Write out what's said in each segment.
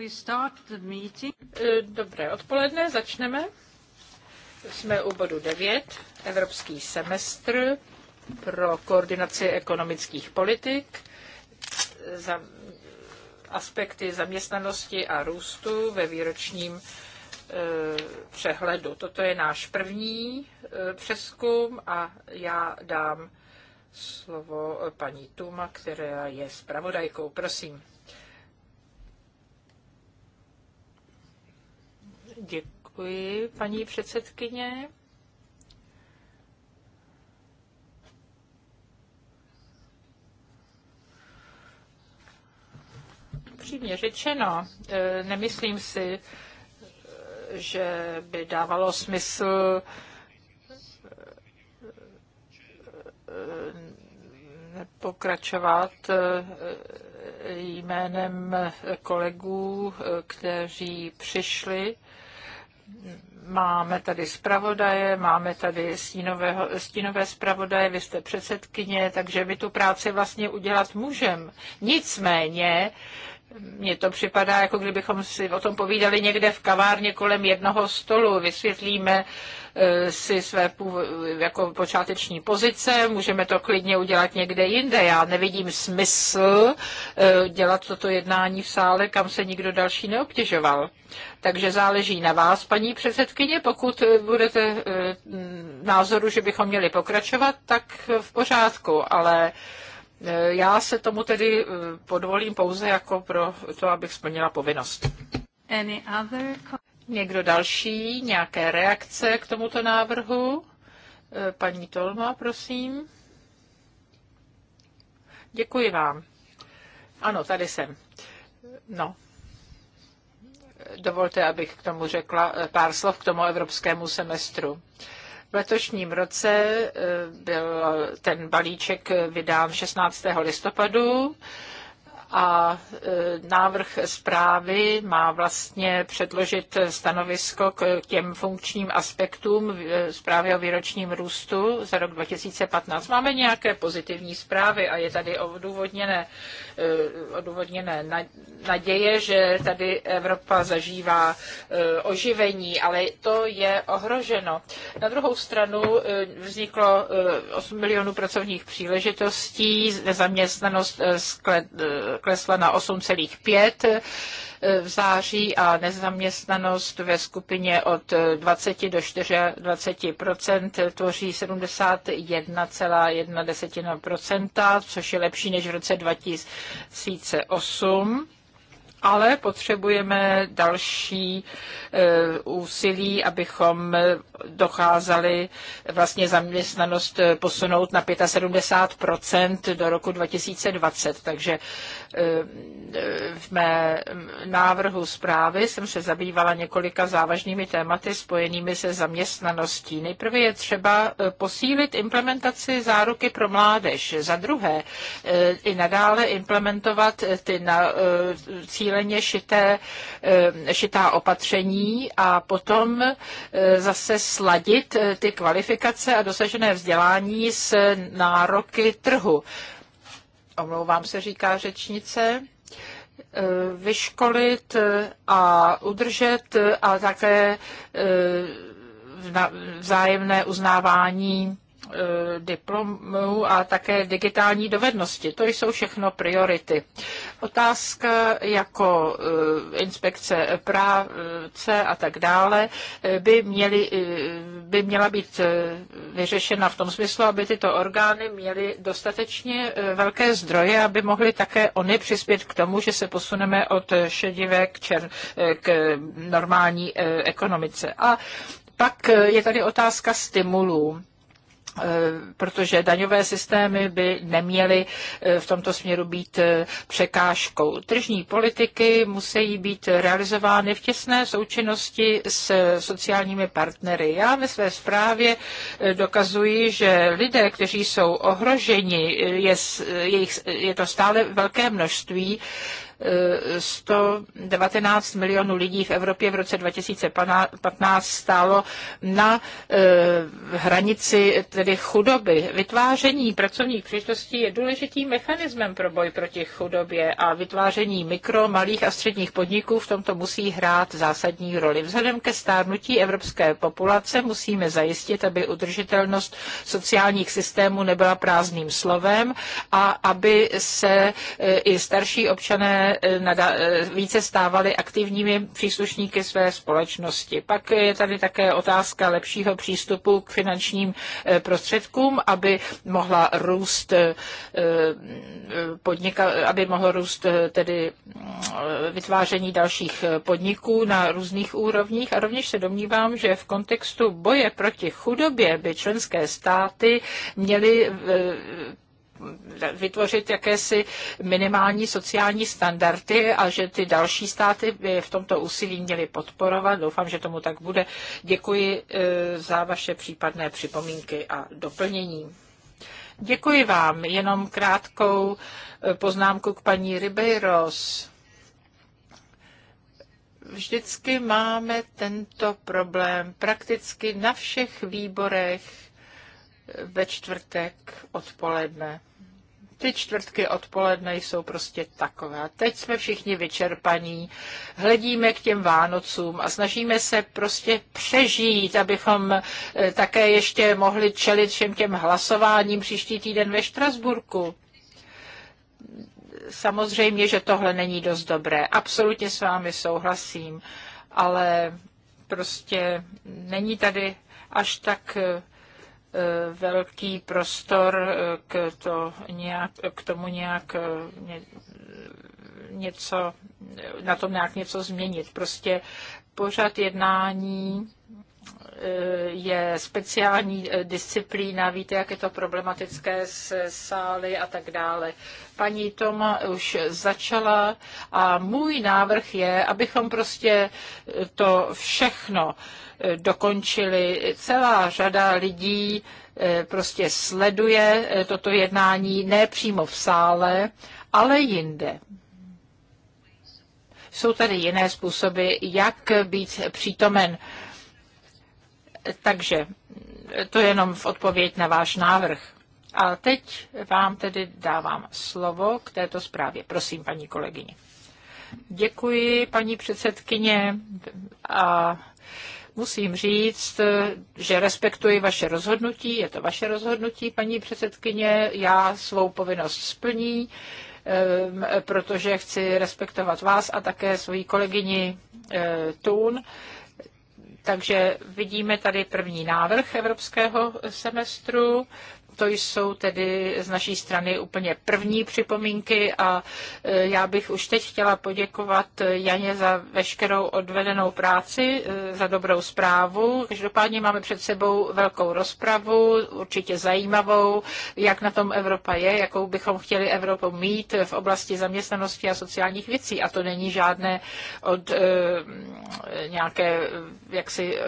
E, dobré odpoledne, začneme. Jsme u bodu 9, Evropský semestr pro koordinaci ekonomických politik, za aspekty zaměstnanosti a růstu ve výročním e, přehledu. Toto je náš první e, přeskum a já dám slovo paní Tuma, která je zpravodajkou. Prosím. Děkuji, paní předsedkyně. Upřímně řečeno, e, nemyslím si, e, že by dávalo smysl e, pokračovat jménem kolegů, kteří přišli Máme tady zpravodaje, máme tady stínového, stínové zpravodaje, vy jste předsedkyně, takže my tu práci vlastně udělat můžeme. Nicméně, mně to připadá, jako kdybychom si o tom povídali někde v kavárně kolem jednoho stolu. Vysvětlíme Eh, si své jako počáteční pozice, můžeme to klidně udělat někde jinde. Já nevidím smysl eh, dělat toto jednání v sále, kam se nikdo další neobtěžoval. Takže záleží na vás, paní předsedkyně, pokud eh, budete názoru, že bychom měli pokračovat, tak v pořádku, ale já se tomu tedy podvolím pouze jako pro to, abych splnila povinnost. Any other... Někdo další? Nějaké reakce k tomuto návrhu? Eh, paní Tolma, prosím. Děkuji vám. Ano, tady jsem. No. Dovolte, abych k tomu řekla eh, pár slov k tomu evropskému semestru. V letošním roce eh, byl ten balíček vydán 16. listopadu a e, návrh zprávy má vlastně předložit stanovisko k těm funkčním aspektům e, zprávy o výročním růstu za rok 2015. Máme nějaké pozitivní zprávy a je tady odůvodněné, e, odůvodněné naděje, že tady Evropa zažívá oživení, ale to je ohroženo. Na druhou stranu vzniklo 8 milionů pracovních příležitostí, nezaměstnanost klesla na 8,5 eh, v září a nezaměstnanost ve skupině od 20 eh, do 24 eh, tvoří 71,1 což je lepší než v roce 2008 ale potřebujeme další úsilí, abychom docházeli vlastně zaměstnanost posunout na 75 do roku 2020. Takže Eh, v mé návrhu zprávy jsem se zabývala několika závažnými tématy spojenými se zaměstnaností. Nejprve je třeba eh, posílit implementaci záruky pro mládež. Za druhé, eh, i nadále implementovat ty na, cíleně šité, šitá opatření a potom zase sladit ty kvalifikace a dosažené vzdělání s nároky trhu omlouvám se, říká řečnice, eh, vyškolit eh, a udržet eh, a také vzájemné uznávání Eh, diplomu a také digitální dovednosti. To jsou všechno priority. Otázka jako eh, inspekce práce a tak dále eh, by, měly, by měla být vyřešena v tom smyslu, aby tyto orgány měly dostatečně velké zdroje, aby mohly také oni přispět k tomu, že se posuneme od šedivé k, čer, k normální ekonomice. A pak je tady otázka stimulů. Eh, protože daňové systémy by neměly eh, v tomto směru být eh, překážkou. Tržní politiky musí být realizovány v těsné součinnosti s sociálními partnery. Já ve své zprávě dokazuji, že lidé, kteří jsou ohroženi, je, je, je to stále velké množství, 119 milionů lidí v Evropě v roce 2015 stálo na eh, hranici tedy chudoby. Vytváření pracovních příležitostí je důležitým mechanismem pro boj proti chudobě a vytváření mikro, malých a středních podniků v tomto musí hrát zásadní roli. Vzhledem ke stárnutí evropské populace musíme zajistit, aby udržitelnost sociálních systémů nebyla prázdným slovem a aby se eh, i starší občané Eh, eh, více stávali aktivními příslušníky své společnosti. Pak je tady také otázka lepšího přístupu k finančním eh, prostředkům, aby mohla růst podnika, aby mohlo růst tedy vytváření dalších podniků na různých úrovních a rovněž se domnívám, že v kontextu boje proti chudobě by členské státy měly vytvořit jakési minimální sociální standardy a že ty další státy by v tomto úsilí měly podporovat. Doufám, že tomu tak bude. Děkuji eh, za vaše případné připomínky a doplnění. Děkuji vám. Jenom krátkou eh, poznámku k paní Ribeiros. Vždycky máme tento problém prakticky na všech výborech eh, ve čtvrtek odpoledne. Ty čtvrtky odpoledne jsou prostě takové. Teď jsme všichni vyčerpaní, hledíme k těm Vánocům a snažíme se prostě přežít, abychom eh, také ještě mohli čelit všem těm hlasováním příští týden ve Štrasburku samozřejmě, že tohle není dost dobré. Absolutně s vámi souhlasím, ale prostě není tady až tak eh, Eh, velký prostor eh, k, to nějak, k tomu nějak eh, něco, na tom nějak něco změnit. Prostě pořad jednání je speciální disciplína, víte, jak je to problematické s sály a tak dále. Paní Toma už začala a můj návrh je, abychom prostě to všechno uh, dokončili. Celá řada lidí eh, prostě sleduje eh, toto jednání ne přímo v sále, ale jinde. Jsou tady jiné způsoby, jak být přítomen. Takže eh, to je jenom v odpověď na váš návrh. A teď vám tedy dávám slovo k této zprávě. Prosím, paní kolegyně. Děkuji, paní předsedkyně. A musím říct, že respektuji vaše rozhodnutí, je to vaše rozhodnutí, paní předsedkyně, já svou povinnost splní, protože chci respektovat vás a také svoji kolegyni eh, Tun. Takže vidíme tady první návrh evropského semestru. To jsou tedy z naší strany úplně první připomínky a e, já bych už teď chtěla poděkovat Janě za veškerou odvedenou práci, e, za dobrou zprávu. Každopádně máme před sebou velkou rozpravu, určitě zajímavou, jak na tom Evropa je, jakou bychom chtěli Evropu mít v oblasti zaměstnanosti a sociálních věcí. A to není žádné od e, nějaké jaksi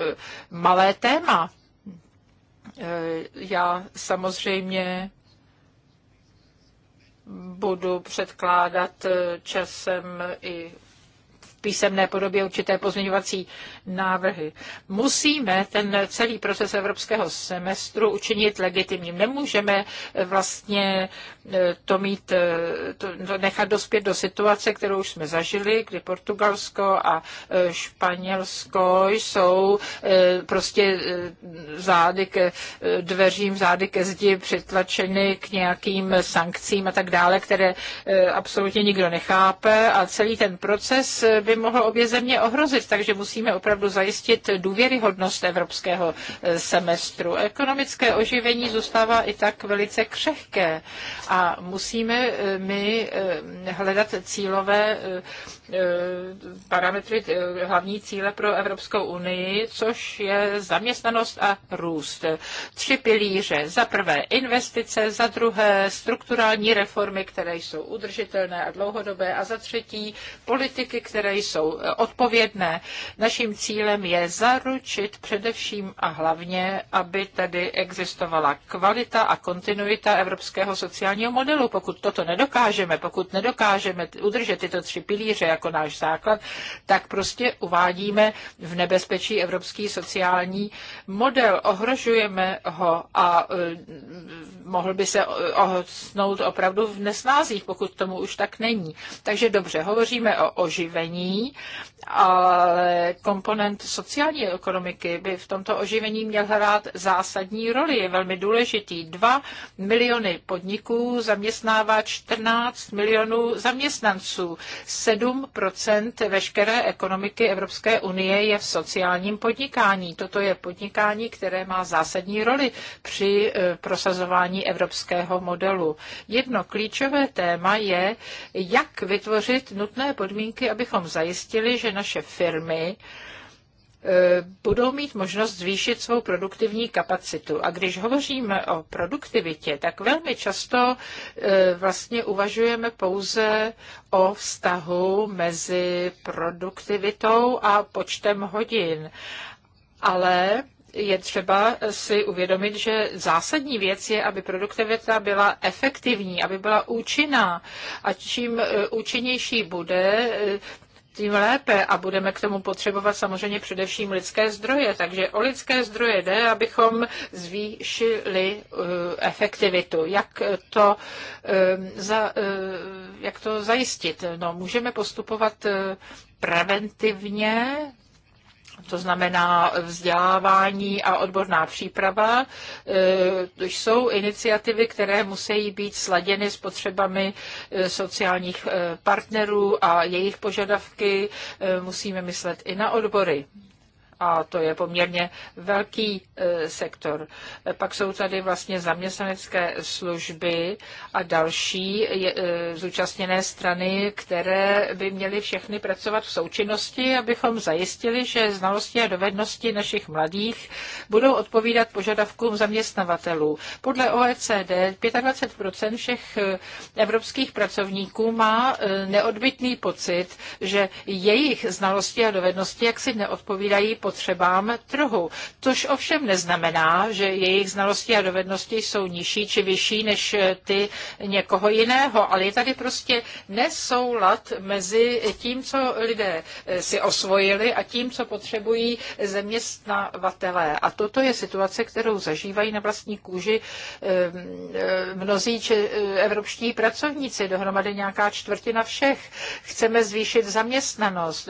malé téma. Eh, já samozřejmě budu předkládat eh, časem i v písemné podobě určité pozměňovací návrhy. Musíme ten celý proces evropského semestru učinit legitimním. Nemůžeme eh, vlastně E, to mít, e, to, nechat dospět do situace, kterou už jsme zažili, kdy Portugalsko a e, Španělsko jsou prostě zády ke dveřím, zády ke zdi přitlačeny k nějakým sankcím a tak dále, které absolutně nikdo nechápe a celý ten proces by mohl obě země ohrozit, takže musíme opravdu zajistit důvěryhodnost evropského semestru. Ekonomické oživení zůstává i tak velice křehké a a musíme eh, my eh, hledat cílové eh, parametry, hlavní cíle pro Evropskou unii, což je zaměstnanost a růst. Tři pilíře. Za prvé investice, za druhé strukturální reformy, které jsou udržitelné a dlouhodobé a za třetí politiky, které jsou odpovědné. Naším cílem je zaručit především a hlavně, aby tady existovala kvalita a kontinuita evropského sociálního sociálního modelu. Pokud toto nedokážeme, pokud nedokážeme udržet tyto tři pilíře jako náš základ, tak prostě uvádíme v nebezpečí evropský sociální model. Ohrožujeme ho a e, mohl by se ohocnout opravdu v nesnázích, pokud tomu už tak není. Takže dobře, hovoříme o oživení, ale komponent sociální ekonomiky by v tomto oživení měl hrát zásadní roli. Je velmi důležitý. Dva miliony podniků zaměstnává 14 milionů zaměstnanců. 7 veškeré ekonomiky Evropské unie je v sociálním podnikání. Toto je podnikání, které má zásadní roli při eh, prosazování evropského modelu. Jedno klíčové téma je, jak vytvořit nutné podmínky, abychom zajistili, že naše firmy, budou mít možnost zvýšit svou produktivní kapacitu. A když hovoříme o produktivitě, tak velmi často e, vlastně uvažujeme pouze o vztahu mezi produktivitou a počtem hodin. Ale je třeba si uvědomit, že zásadní věc je, aby produktivita byla efektivní, aby byla účinná. A čím e, účinnější bude, e, tím lépe a budeme k tomu potřebovat samozřejmě především lidské zdroje. Takže o lidské zdroje jde, abychom zvýšili eh, efektivitu. Jak to, eh, za, eh, jak to zajistit? No, můžeme postupovat preventivně, to znamená vzdělávání a odborná příprava, e, To jsou iniciativy, které musí být sladěny s potřebami e, sociálních e, partnerů a jejich požadavky. Musíme myslet i na odbory a to je poměrně velký e, sektor. Pak jsou tady vlastně zaměstnanecké služby a další e, zúčastněné strany, které by měly všechny pracovat v součinnosti, abychom zajistili, že znalosti a dovednosti našich mladých budou odpovídat požadavkům zaměstnavatelů. Podle OECD 25 všech e, evropských pracovníků má neodbitný pocit, že jejich znalosti a dovednosti jaksi neodpovídají potřebám trhu. Což ovšem neznamená, že jejich znalosti a dovednosti jsou nižší či vyšší než ty někoho jiného, ale je tady prostě nesoulad mezi tím, co lidé eh, si osvojili a tím, co potřebují zaměstnavatelé. A toto je situace, kterou zažívají na vlastní kůži ehm, eh, mnozí eh, evropští pracovníci, dohromady nějaká čtvrtina všech. Chceme zvýšit zaměstnanost,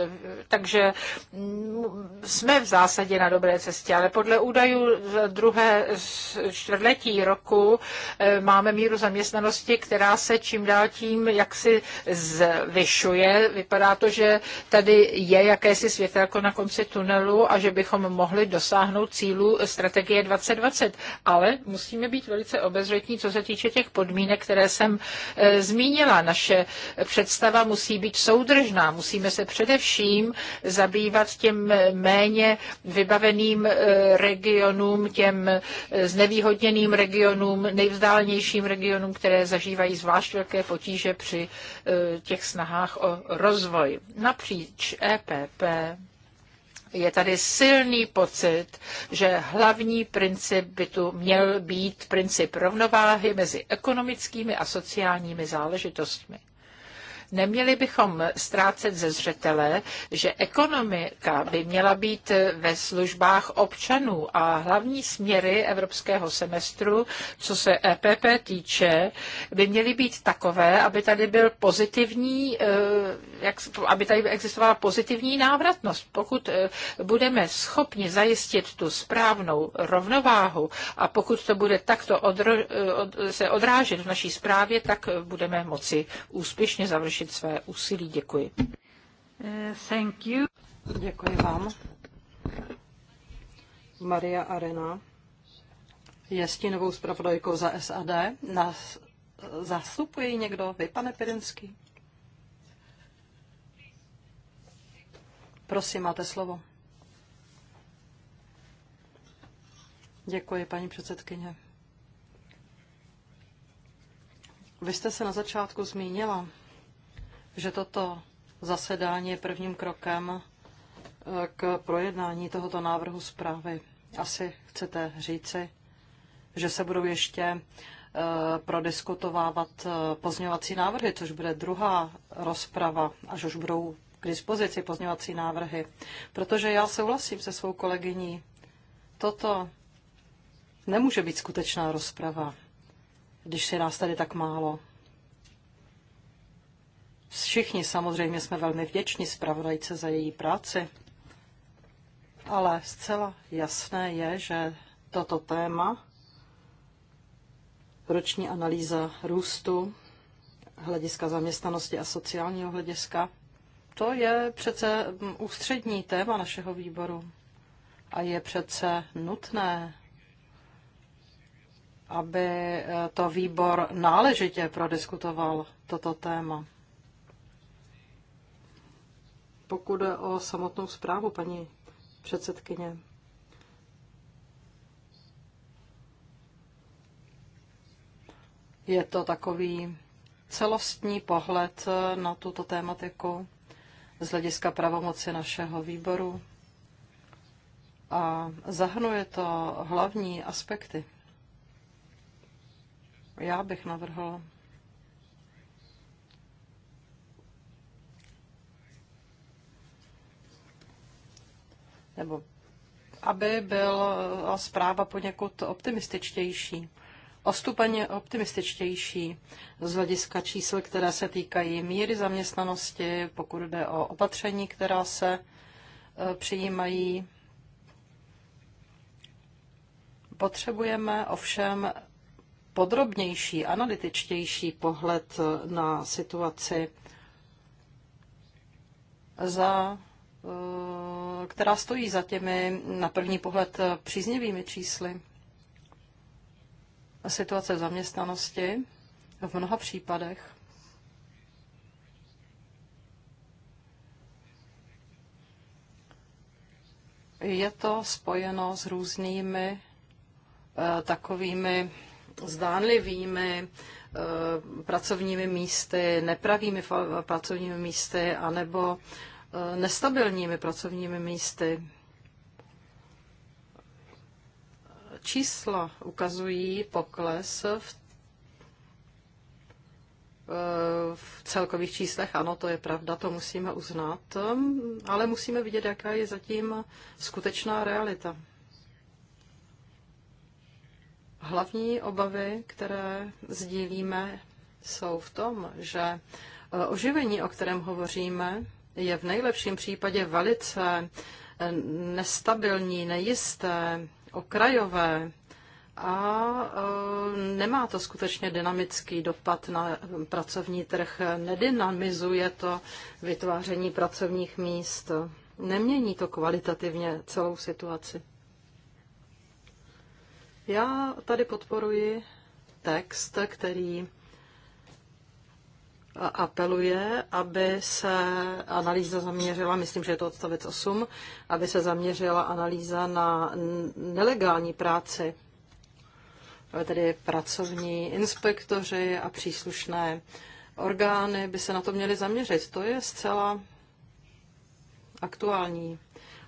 takže mm, jsme v zásadě na dobré cestě, ale podle údajů z druhé čtvrtletí roku eh, máme míru zaměstnanosti, která se čím dál tím jaksi zvyšuje. Vypadá to, že tady je jakési světelko na konci tunelu a že bychom mohli dosáhnout cílů strategie 2020. Ale musíme být velice obezřetní, co se týče těch podmínek, které jsem eh, zmínila. Naše představa musí být soudržná. Musíme se především zabývat těm méně méně vybaveným eh, regionům, těm eh, znevýhodněným regionům, nejvzdálnějším regionům, které zažívají zvlášť velké potíže při eh, těch snahách o rozvoj. Napříč EPP je tady silný pocit, že hlavní princip by tu měl být princip rovnováhy mezi ekonomickými a sociálními záležitostmi. Neměli bychom ztrácet ze zřetele, že ekonomika by měla být ve službách občanů a hlavní směry evropského semestru, co se EPP týče, by měly být takové, aby tady byl pozitivní, eh, jak, aby tady existovala pozitivní návratnost. Pokud eh, budeme schopni zajistit tu správnou rovnováhu a pokud to bude takto odro, eh, od, se odrážet v naší zprávě, tak budeme moci úspěšně završit zvýšit své úsilí. Děkuji. Eh, thank you. Děkuji vám. Maria Arena je stínovou zpravodajkou za SAD. Nás zastupuje někdo? Vy, pane Pirinský? Prosím, máte slovo. Děkuji, paní předsedkyně. Vy jste se na začátku zmínila že toto zasedání je prvním krokem eh, k projednání tohoto návrhu zprávy. Asi chcete říci, že se budou ještě eh, prodiskutovávat eh, pozměňovací návrhy, což bude druhá rozprava, až už budou k dispozici pozměňovací návrhy. Protože já souhlasím se svou kolegyní. Toto nemůže být skutečná rozprava, když se nás tady tak málo. Všichni samozřejmě jsme velmi vděční zpravodajce za její práci, ale zcela jasné je, že toto téma, roční analýza růstu, hlediska zaměstnanosti a sociálního hlediska, to je přece mm, ústřední téma našeho výboru a je přece nutné, aby eh, to výbor náležitě prodiskutoval toto téma pokud jde o samotnou zprávu, paní předsedkyně. Je to takový celostní pohled na tuto tématiku z hlediska pravomoci našeho výboru a zahrnuje to hlavní aspekty. Já bych navrhl nebo aby byla zpráva poněkud optimističtější, ostupeně optimističtější z hlediska čísel, které se týkají míry zaměstnanosti, pokud jde o opatření, která se e, přijímají. Potřebujeme ovšem podrobnější, analytičtější pohled na situaci za e, která stojí za těmi na první pohled eh, příznivými čísly. Situace v zaměstnanosti v mnoha případech je to spojeno s různými eh, takovými zdánlivými eh, pracovními místy, nepravými pracovními místy, anebo Eh, nestabilními pracovními místy. Čísla ukazují pokles v, eh, v celkových číslech. Ano, to je pravda, to musíme uznat, eh, ale musíme vidět, jaká je zatím skutečná realita. Hlavní obavy, které sdílíme, jsou v tom, že oživení, o kterém hovoříme, je v nejlepším případě velice eh, nestabilní, nejisté, okrajové a eh, nemá to skutečně dynamický dopad na pracovní trh, nedynamizuje to vytváření pracovních míst, nemění to kvalitativně celou situaci. Já tady podporuji text, který apeluje, aby se analýza zaměřila, myslím, že je to odstavec 8, aby se zaměřila analýza na nelegální práci, tedy pracovní inspektoři a příslušné orgány by se na to měly zaměřit. To je zcela aktuální.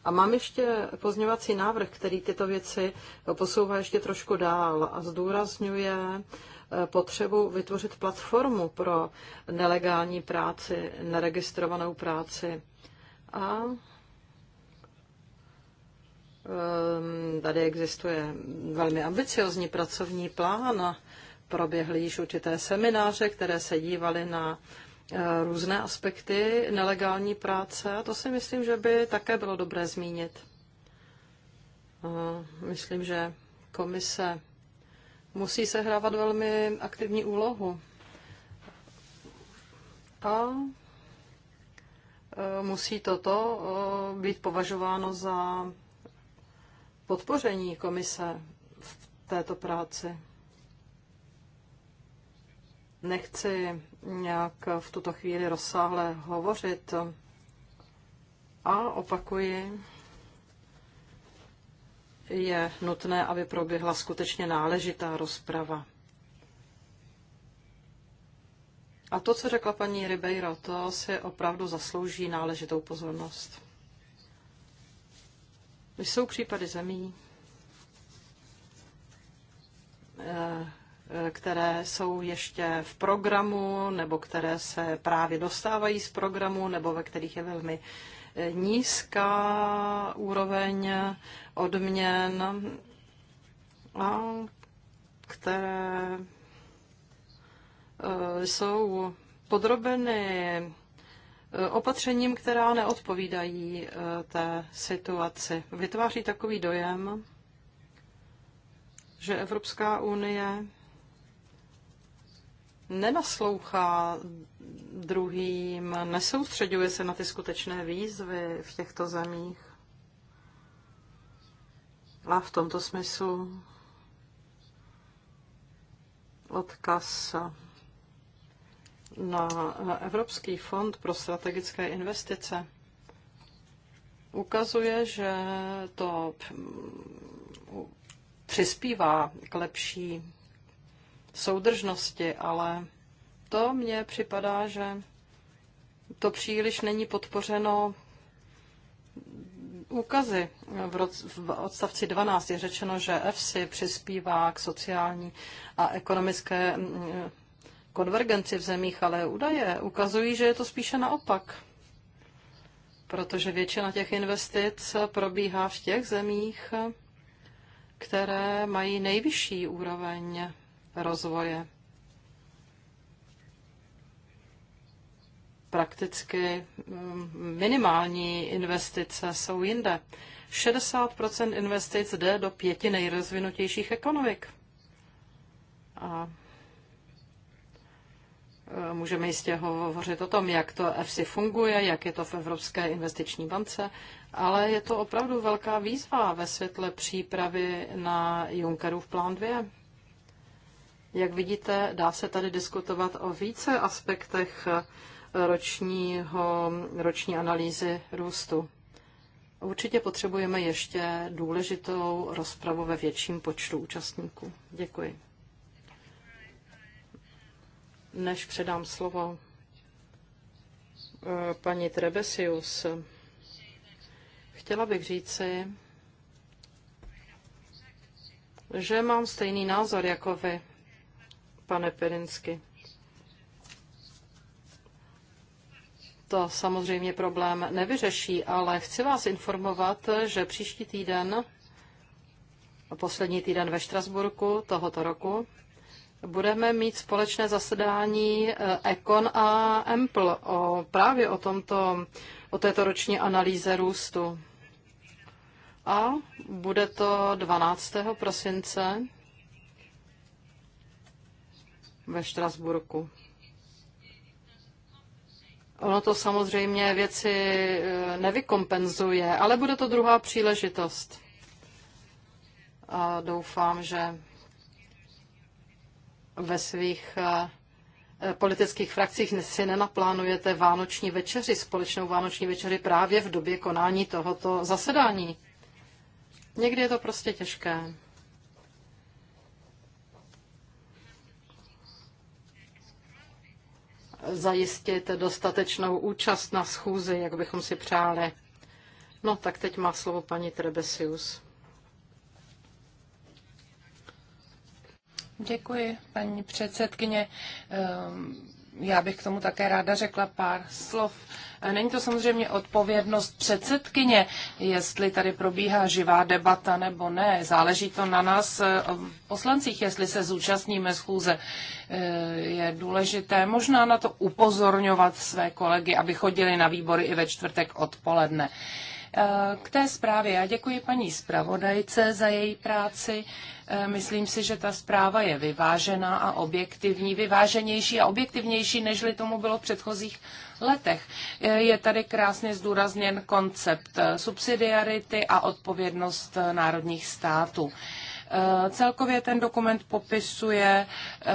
A mám ještě pozměňovací návrh, který tyto věci posouvá ještě trošku dál a zdůrazňuje potřebu vytvořit platformu pro nelegální práci, neregistrovanou práci. A ehm, tady existuje velmi ambiciozní pracovní plán. Proběhly již určité semináře, které se dívaly na eh, různé aspekty nelegální práce a to si myslím, že by také bylo dobré zmínit. Myslím, že komise musí sehrávat velmi aktivní úlohu. A e, musí toto e, být považováno za podpoření komise v této práci. Nechci nějak v tuto chvíli rozsáhle hovořit a opakuji, je nutné, aby proběhla skutečně náležitá rozprava. A to, co řekla paní Ribeiro, to si opravdu zaslouží náležitou pozornost. Jsou případy zemí, eh, eh, které jsou ještě v programu, nebo které se právě dostávají z programu, nebo ve kterých je velmi nízká úroveň odměn, které eh, jsou podrobeny eh, opatřením, která neodpovídají eh, té situaci. Vytváří takový dojem, že Evropská unie nenaslouchá druhým, nesoustředuje se na ty skutečné výzvy v těchto zemích. A v tomto smyslu odkaz na Evropský fond pro strategické investice ukazuje, že to přispívá k lepší soudržnosti, ale to mně připadá, že to příliš není podpořeno úkazy. V, roc, v odstavci 12 je řečeno, že EFSI přispívá k sociální a ekonomické mm, konvergenci v zemích, ale údaje ukazují, že je to spíše naopak. Protože většina těch investic probíhá v těch zemích, které mají nejvyšší úroveň rozvoje. Prakticky mm, minimální investice jsou jinde. 60 investic jde do pěti nejrozvinutějších ekonomik. A e, Můžeme jistě hovořit o tom, jak to EFSI funguje, jak je to v Evropské investiční bance, ale je to opravdu velká výzva ve světle přípravy na Junckerův plán 2. Jak vidíte, dá se tady diskutovat o více aspektech eh, ročního, roční analýzy růstu. Určitě potřebujeme ještě důležitou rozpravu ve větším počtu účastníků. Děkuji. Než předám slovo eh, paní Trebesius, chtěla bych říci, že mám stejný názor jako vy pane Pirinsky. To samozřejmě problém nevyřeší, ale chci vás informovat, že příští týden, poslední týden ve Štrasburku tohoto roku, budeme mít společné zasedání eh, Econ a Empl o, právě o, tomto, o této roční analýze růstu. A bude to 12. prosince ve Štrasburku. Ono to samozřejmě věci e, nevykompenzuje, ale bude to druhá příležitost. A doufám, že ve svých e, e, politických frakcích si nenaplánujete vánoční večeři, společnou vánoční večeři právě v době konání tohoto zasedání. Někdy je to prostě těžké. zajistit dostatečnou účast na schůzi, jak bychom si přáli. No tak teď má slovo paní Trebesius. Děkuji, paní předsedkyně. Um já bych k tomu také ráda řekla pár slov. E, Není to samozřejmě odpovědnost předsedkyně, jestli tady probíhá živá debata nebo ne. Záleží to na nás e, poslancích, jestli se zúčastníme schůze. E, Je důležité možná na to upozorňovat své kolegy, aby chodili na výbory i ve čtvrtek odpoledne. Eh, k té zprávě já děkuji paní zpravodajce za její práci. Eh, myslím si, že ta zpráva je vyvážená a objektivní, vyváženější a objektivnější, nežli tomu bylo v předchozích letech. Eh, je tady krásně zdůrazněn koncept subsidiarity a odpovědnost národních států. Eh, celkově ten dokument popisuje eh,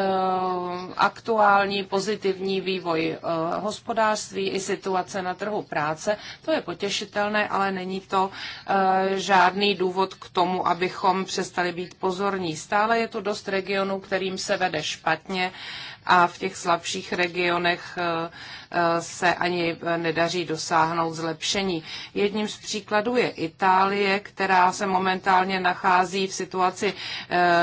aktuální pozitivní vývoj eh, hospodářství i situace na trhu práce. To je potěšitelné, ale není to žádný důvod k tomu, abychom přestali být pozorní. Stále je tu dost regionů, kterým se vede špatně a v těch slabších regionech eh, eh, se ani eh, nedaří dosáhnout zlepšení. Jedním z příkladů je Itálie, která se momentálně nachází v situaci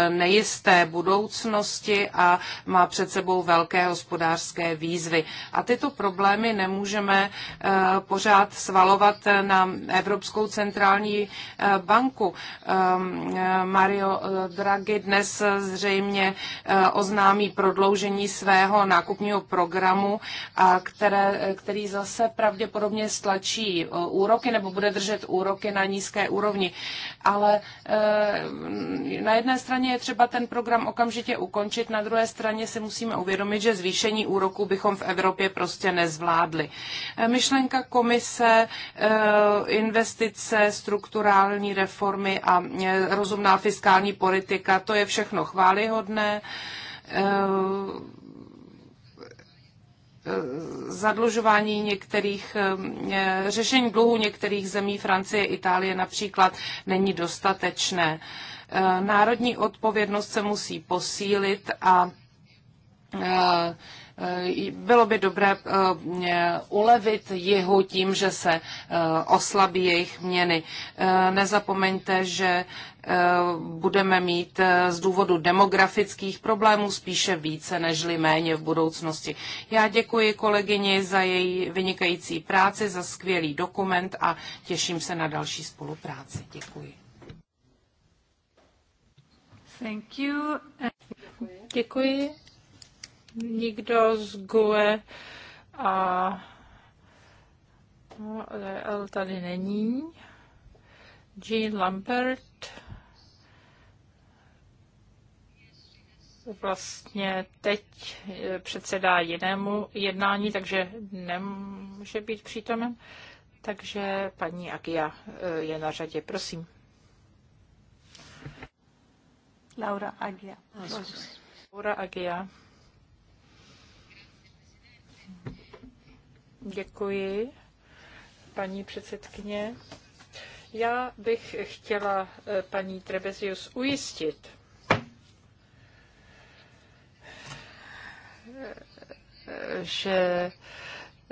nejisté budoucnosti a má před sebou velké hospodářské výzvy. A tyto problémy nemůžeme pořád svalovat na Evropskou centrální banku. Ehm, Mario Draghi dnes zřejmě oznámí prodloužení svého nákupního programu, a které, který zase pravděpodobně stlačí e, úroky nebo bude držet úroky na nízké úrovni. Ale e, na jedné straně je třeba ten program okamžitě ukončit, na druhé straně si musíme uvědomit, že zvýšení úroku bychom v Evropě prostě nezvládli. E, myšlenka komise, investice, strukturální reformy a rozumná fiskální politika, to je všechno chválihodné zadlužování některých eh, řešení dluhů některých zemí, Francie, Itálie například, není dostatečné. Eh, národní odpovědnost se musí posílit a eh, Eh, bylo by dobré eh, ulevit jihu tím, že se eh, oslabí jejich měny. Nezapomeňte, že budeme mít z důvodu demografických problémů spíše více nežli méně v budoucnosti. Já děkuji kolegyni za její vynikající práci, za skvělý dokument a těším se na další spolupráci. Děkuji. Thank you. Děkuji nikdo z GUE a no, L tady není. Jean Lambert vlastně teď předsedá jinému jednání, takže nemůže být přítomen. Takže paní Agia eh, je na řadě, prosím. Laura Agia. Laura Agia. Děkuji, paní předsedkyně. Já bych chtěla eh, paní Trebezius ujistit, eh, eh, že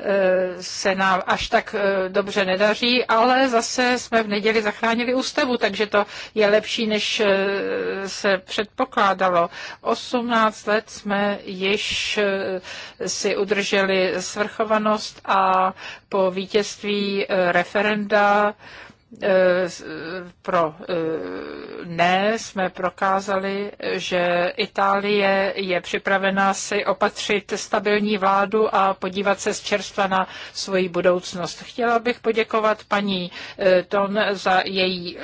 Eh, se nám až tak eh, dobře nedaří, ale zase jsme v neděli zachránili ústavu, takže to je lepší, než eh, se předpokládalo. 18 let jsme již si udrželi svrchovanost a po vítězství referenda Eh, pro eh, ne jsme prokázali, že Itálie je připravena si opatřit stabilní vládu a podívat se z čerstva na svoji budoucnost. Chtěla bych poděkovat paní eh, Ton za její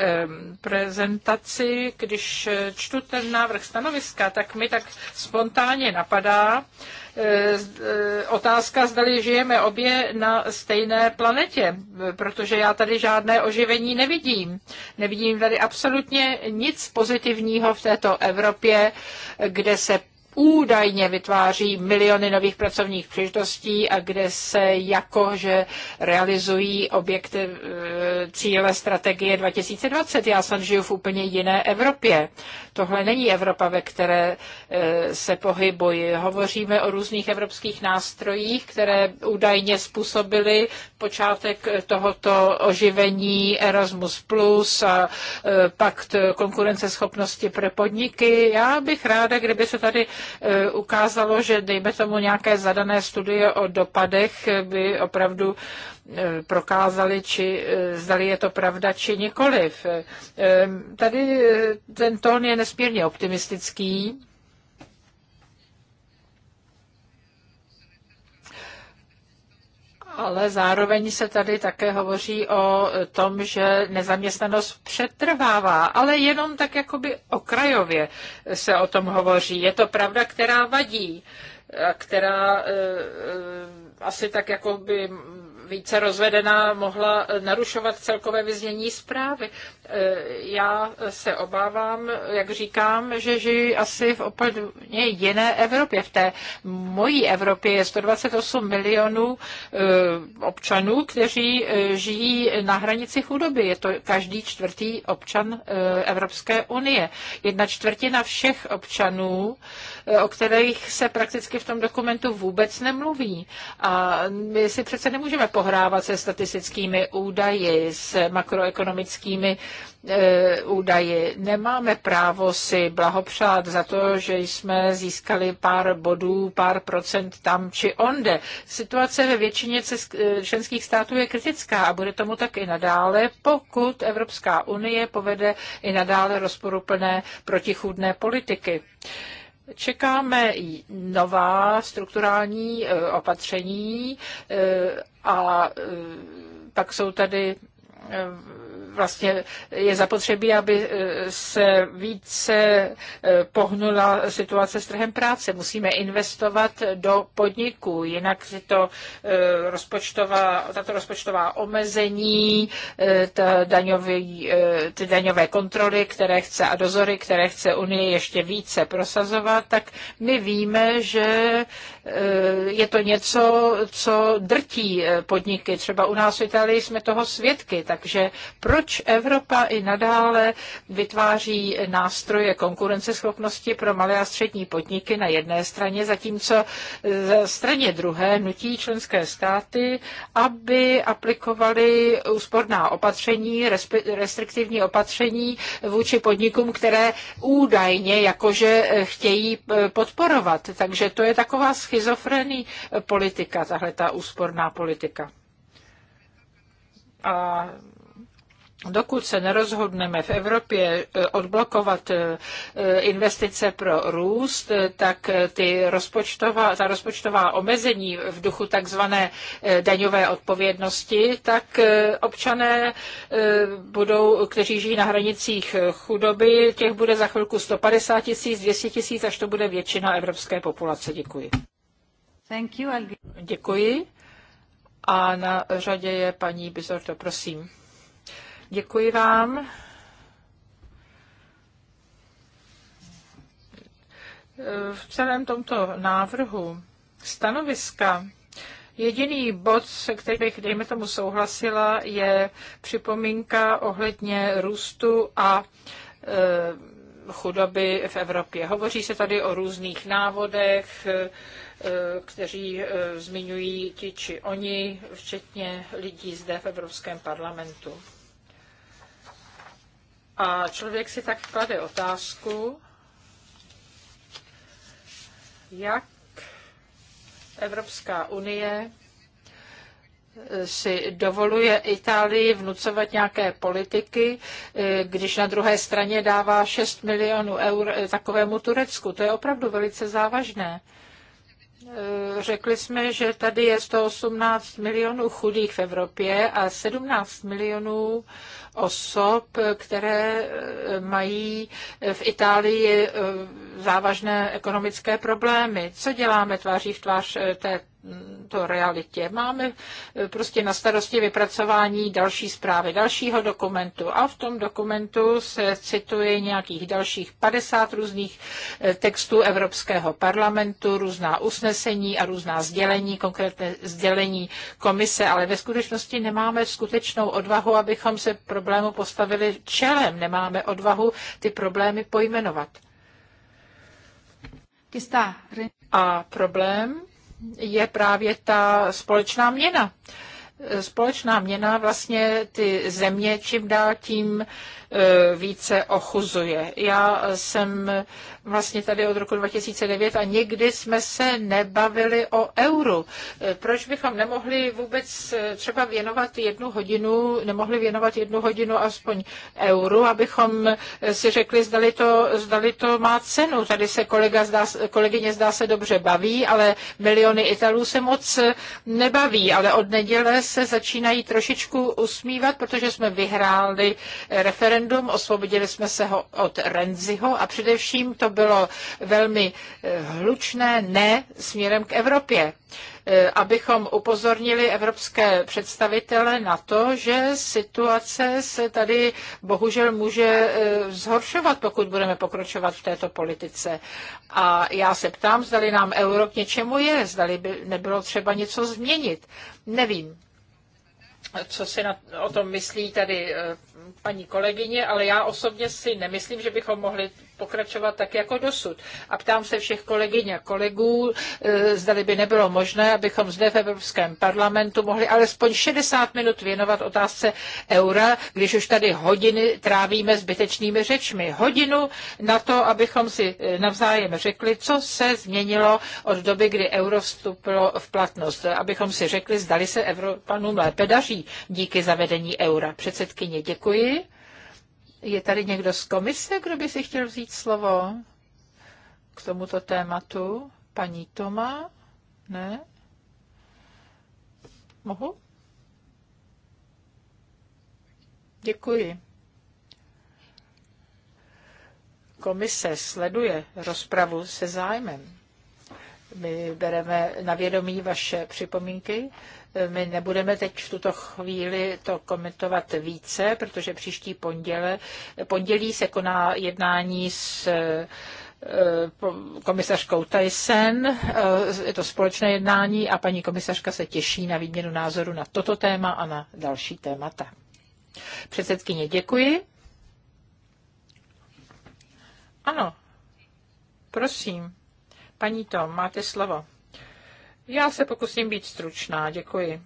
prezentaci. Když čtu ten návrh stanoviska, tak mi tak spontánně napadá, Eh, eh, otázka, zdali žijeme obě na stejné planetě, protože já tady žádné oživení nevidím. Nevidím tady absolutně nic pozitivního v této Evropě, kde se údajně vytváří miliony nových pracovních příležitostí a kde se jakože realizují objekty e, cíle strategie 2020. Já jsem žiju v úplně jiné Evropě. Tohle není Evropa, ve které e, se pohybuji. Hovoříme o různých evropských nástrojích, které údajně způsobily počátek tohoto oživení Erasmus+, Plus a e, pakt konkurenceschopnosti pro podniky. Já bych ráda, kdyby se tady Eh, ukázalo, že dejme tomu nějaké zadané studie o dopadech by opravdu eh, prokázali, či eh, zdali je to pravda, či nikoliv. Tady ten tón je nesmírně optimistický ale zároveň se tady také hovoří o tom, že nezaměstnanost přetrvává, ale jenom tak jakoby okrajově se o tom hovoří. Je to pravda, která vadí, která eh, eh, asi tak jakoby více rozvedená mohla narušovat celkové vyznění zprávy já se obávám, jak říkám, že žijí asi v úplně jiné Evropě. V té mojí Evropě je 128 milionů eh, občanů, kteří eh, žijí na hranici chudoby. Je to každý čtvrtý občan eh, Evropské unie. Jedna čtvrtina všech občanů, o kterých se prakticky v tom dokumentu vůbec nemluví. A my si přece nemůžeme pohrávat se statistickými údaji, s makroekonomickými E, údaji. Nemáme právo si blahopřát za to, že jsme získali pár bodů, pár procent tam či onde. Situace ve většině e, členských států je kritická a bude tomu tak i nadále, pokud Evropská unie povede i nadále rozporuplné protichůdné politiky. Čekáme nová strukturální e, opatření a pak jsou tady vlastně je zapotřebí, aby e, se více e, pohnula situace s trhem práce. Musíme investovat do podniků, jinak si to e, rozpočtová, tato rozpočtová omezení, ta daňový, ty daňové kontroly, které chce a dozory, které chce Unie ještě více prosazovat, tak my víme, že je to něco, co drtí podniky. Třeba u nás v Itálii jsme toho svědky, takže proč proč Evropa i nadále vytváří nástroje konkurenceschopnosti pro malé a střední podniky na jedné straně, zatímco straně druhé nutí členské státy, aby aplikovali úsporná opatření, restriktivní opatření vůči podnikům, které údajně jakože eh, chtějí eh, podporovat. Takže to je taková schizofrenní eh, politika, tahle ta úsporná politika. A dokud se nerozhodneme v Evropě eh, odblokovat eh, eh, investice pro růst, tak ty rozpočtová, ta rozpočtová omezení v duchu takzvané daňové odpovědnosti, tak občané budou, kteří žijí na hranicích chudoby, těch bude za chvilku 150 tisíc, 200 tisíc, až to bude většina evropské populace. Děkuji. Děkuji. A na řadě je paní Bizorto, prosím. Děkuji vám. V celém tomto návrhu stanoviska Jediný bod, se kterým bych, dejme tomu, souhlasila, je připomínka ohledně růstu a e, chudoby v Evropě. Hovoří se tady o různých návodech, e, kteří e, zmiňují ti či oni, včetně lidí zde v Evropském parlamentu. A člověk si tak klade otázku, jak Evropská unie si dovoluje Itálii vnucovat nějaké politiky, když na druhé straně dává 6 milionů eur takovému Turecku. To je opravdu velice závažné. Eh, řekli jsme, že tady je 118 milionů chudých v Evropě a 17 milionů osob, které eh, mají eh, v Itálii závažné ekonomické problémy. Co děláme tváří v tvář té to realitě. Máme eh, prostě na starosti vypracování další zprávy, dalšího dokumentu a v tom dokumentu se cituje nějakých dalších 50 různých eh, textů Evropského parlamentu, různá usnesení a různá sdělení, konkrétně sdělení komise, ale ve skutečnosti nemáme skutečnou odvahu, abychom se problému postavili čelem, nemáme odvahu ty problémy pojmenovat. A problém je právě ta společná měna společná měna vlastně ty země čím dál tím eh, více ochuzuje. Já jsem vlastně tady od roku 2009 a nikdy jsme se nebavili o euru. E, proč bychom nemohli vůbec e, třeba věnovat jednu hodinu, nemohli věnovat jednu hodinu aspoň euru, abychom e, si řekli, zdali to, zdali to má cenu. Tady se kolega zdá, kolegyně zdá se dobře baví, ale miliony Italů se moc nebaví, ale od neděle se začínají trošičku usmívat, protože jsme vyhráli referendum, osvobodili jsme se ho od Renziho a především to bylo velmi eh, hlučné ne směrem k Evropě eh, abychom upozornili evropské představitele na to, že situace se tady bohužel může eh, zhoršovat, pokud budeme pokročovat v této politice. A já se ptám, zdali nám euro k něčemu je, zdali by nebylo třeba něco změnit. Nevím co si na, o tom myslí tady paní kolegyně, ale já osobně si nemyslím, že bychom mohli pokračovat tak jako dosud. A ptám se všech kolegyň a kolegů, eh, zdali by nebylo možné, abychom zde v Evropském parlamentu mohli alespoň 60 minut věnovat otázce eura, když už tady hodiny trávíme zbytečnými řečmi. Hodinu na to, abychom si eh, navzájem řekli, co se změnilo od doby, kdy euro vstupilo v platnost. Abychom si řekli, zdali se Evropanům lépe daří díky zavedení eura. Předsedkyně, děkuji. Je tady někdo z komise, kdo by si chtěl vzít slovo k tomuto tématu? Paní Toma? Ne? Mohu? Děkuji. Komise sleduje rozpravu se zájmem. My bereme na vědomí vaše připomínky. My nebudeme teď v tuto chvíli to komentovat více, protože příští ponděle, pondělí se koná jednání s eh, komisařkou Tyson. Eh, je to společné jednání a paní komisařka se těší na výměnu názoru na toto téma a na další témata. Předsedkyně, děkuji. Ano, prosím. Paní Tom, máte slovo. Já se pokusím být stručná, děkuji.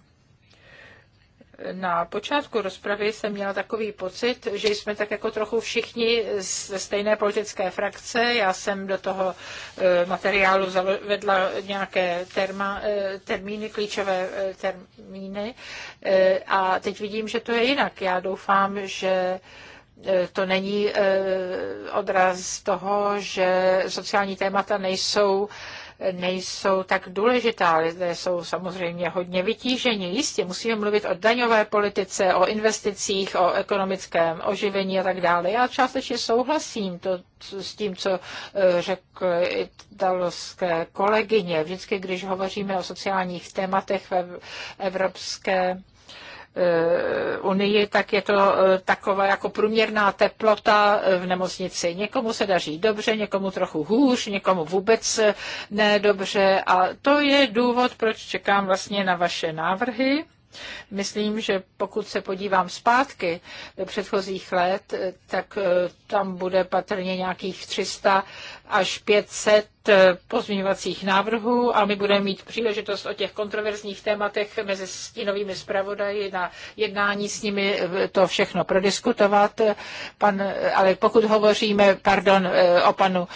Na počátku rozpravy jsem měla takový pocit, že jsme tak jako trochu všichni ze stejné politické frakce. Já jsem do toho eh, materiálu vedla nějaké terma, eh, termíny, klíčové eh, termíny a teď vidím, že to je jinak. Já doufám, že E, to není e, odraz toho, že sociální témata nejsou nejsou tak důležitá. Lidé jsou samozřejmě hodně vytíženi. Jistě musíme mluvit o daňové politice, o investicích, o ekonomickém oživení a tak dále. Já částečně souhlasím to, s tím, co e, řekl italské kolegyně. Vždycky, když hovoříme o sociálních tématech v Evropské Eh, unii, tak je to eh, taková jako průměrná teplota eh, v nemocnici. Někomu se daří dobře, někomu trochu hůř, někomu vůbec nedobře. a to je důvod, proč čekám vlastně na vaše návrhy. Myslím, že pokud se podívám zpátky do předchozích let, tak tam bude patrně nějakých 300 až 500 eh, pozměňovacích návrhů a my budeme mít příležitost o těch kontroverzních tématech mezi stínovými zpravodaji na jednání s nimi eh, to všechno prodiskutovat. Pan, eh, ale pokud hovoříme, pardon, o panu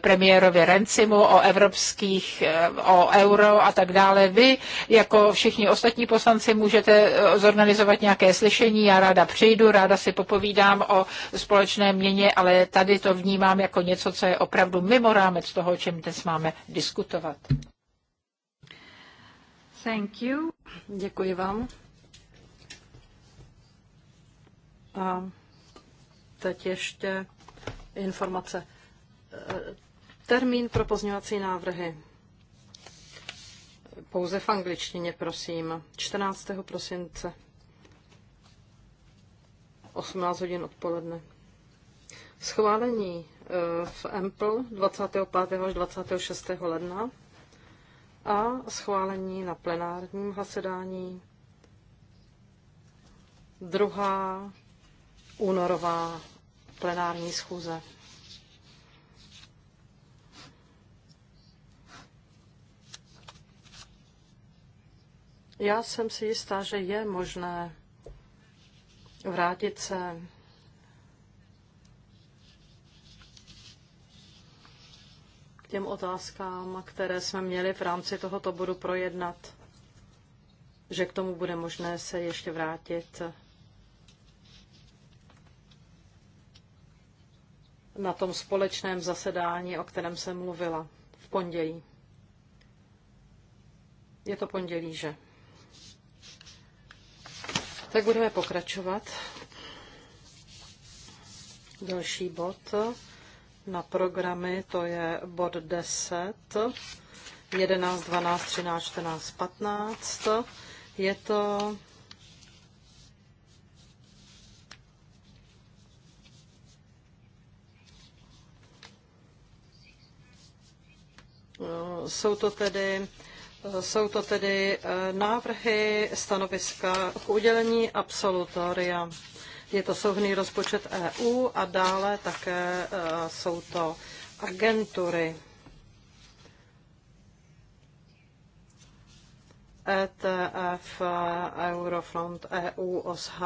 premiérovi Rencimu, o evropských, o euro a tak dále, vy jako všichni ostatní poslanci můžete zorganizovat nějaké slyšení, já ráda přijdu, ráda si popovídám o společné měně, ale tady to vnímám jako něco, co je opravdu opravdu mimo rámec toho, o čem dnes máme diskutovat. Thank you. Děkuji vám. A teď ještě informace. Termín pro pozňovací návrhy. Pouze v angličtině, prosím. 14. prosince. 18 hodin odpoledne. Schválení Eh, v EMPL 25. až 26. ledna a schválení na plenárním zasedání druhá únorová plenární schůze. Já jsem si jistá, že je možné vrátit se těm otázkám, které jsme měli v rámci tohoto bodu projednat, že k tomu bude možné se ještě vrátit. na tom společném zasedání, o kterém jsem mluvila v pondělí. Je to pondělí, že? Tak budeme pokračovat. Další bod na programy, to je bod 10, 11, 12, 13, 14, 15. Je to Jsou to tedy jsou to tedy eh, návrhy stanoviska k udělení absolutoria. Je to souhrný rozpočet EU a dále také e, jsou to agentury. ETF, Eurofront, EU, OSH,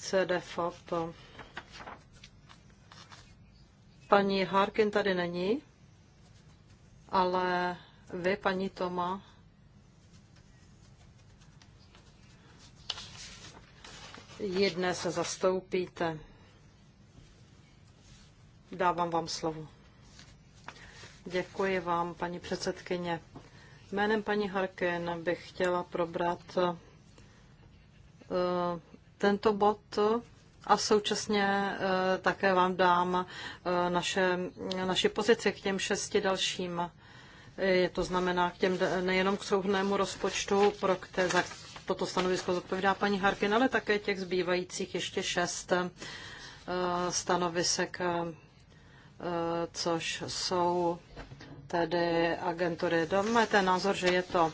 CDFOP. Paní Harkin tady není, ale vy, paní Toma, ji dnes zastoupíte. Dávám vám slovo. Děkuji vám, paní předsedkyně. Jménem paní Harkin bych chtěla probrat eh, tento bod a současně eh, také vám dám eh, naše, naše pozici k těm šesti dalším. Je to znamená k těm, nejenom k souhrnému rozpočtu, pro které, za toto stanovisko zodpovídá paní Harkin, ale také těch zbývajících ještě šest eh, stanovisek, eh, eh, což jsou tedy agentury. Dáme ten názor, že je to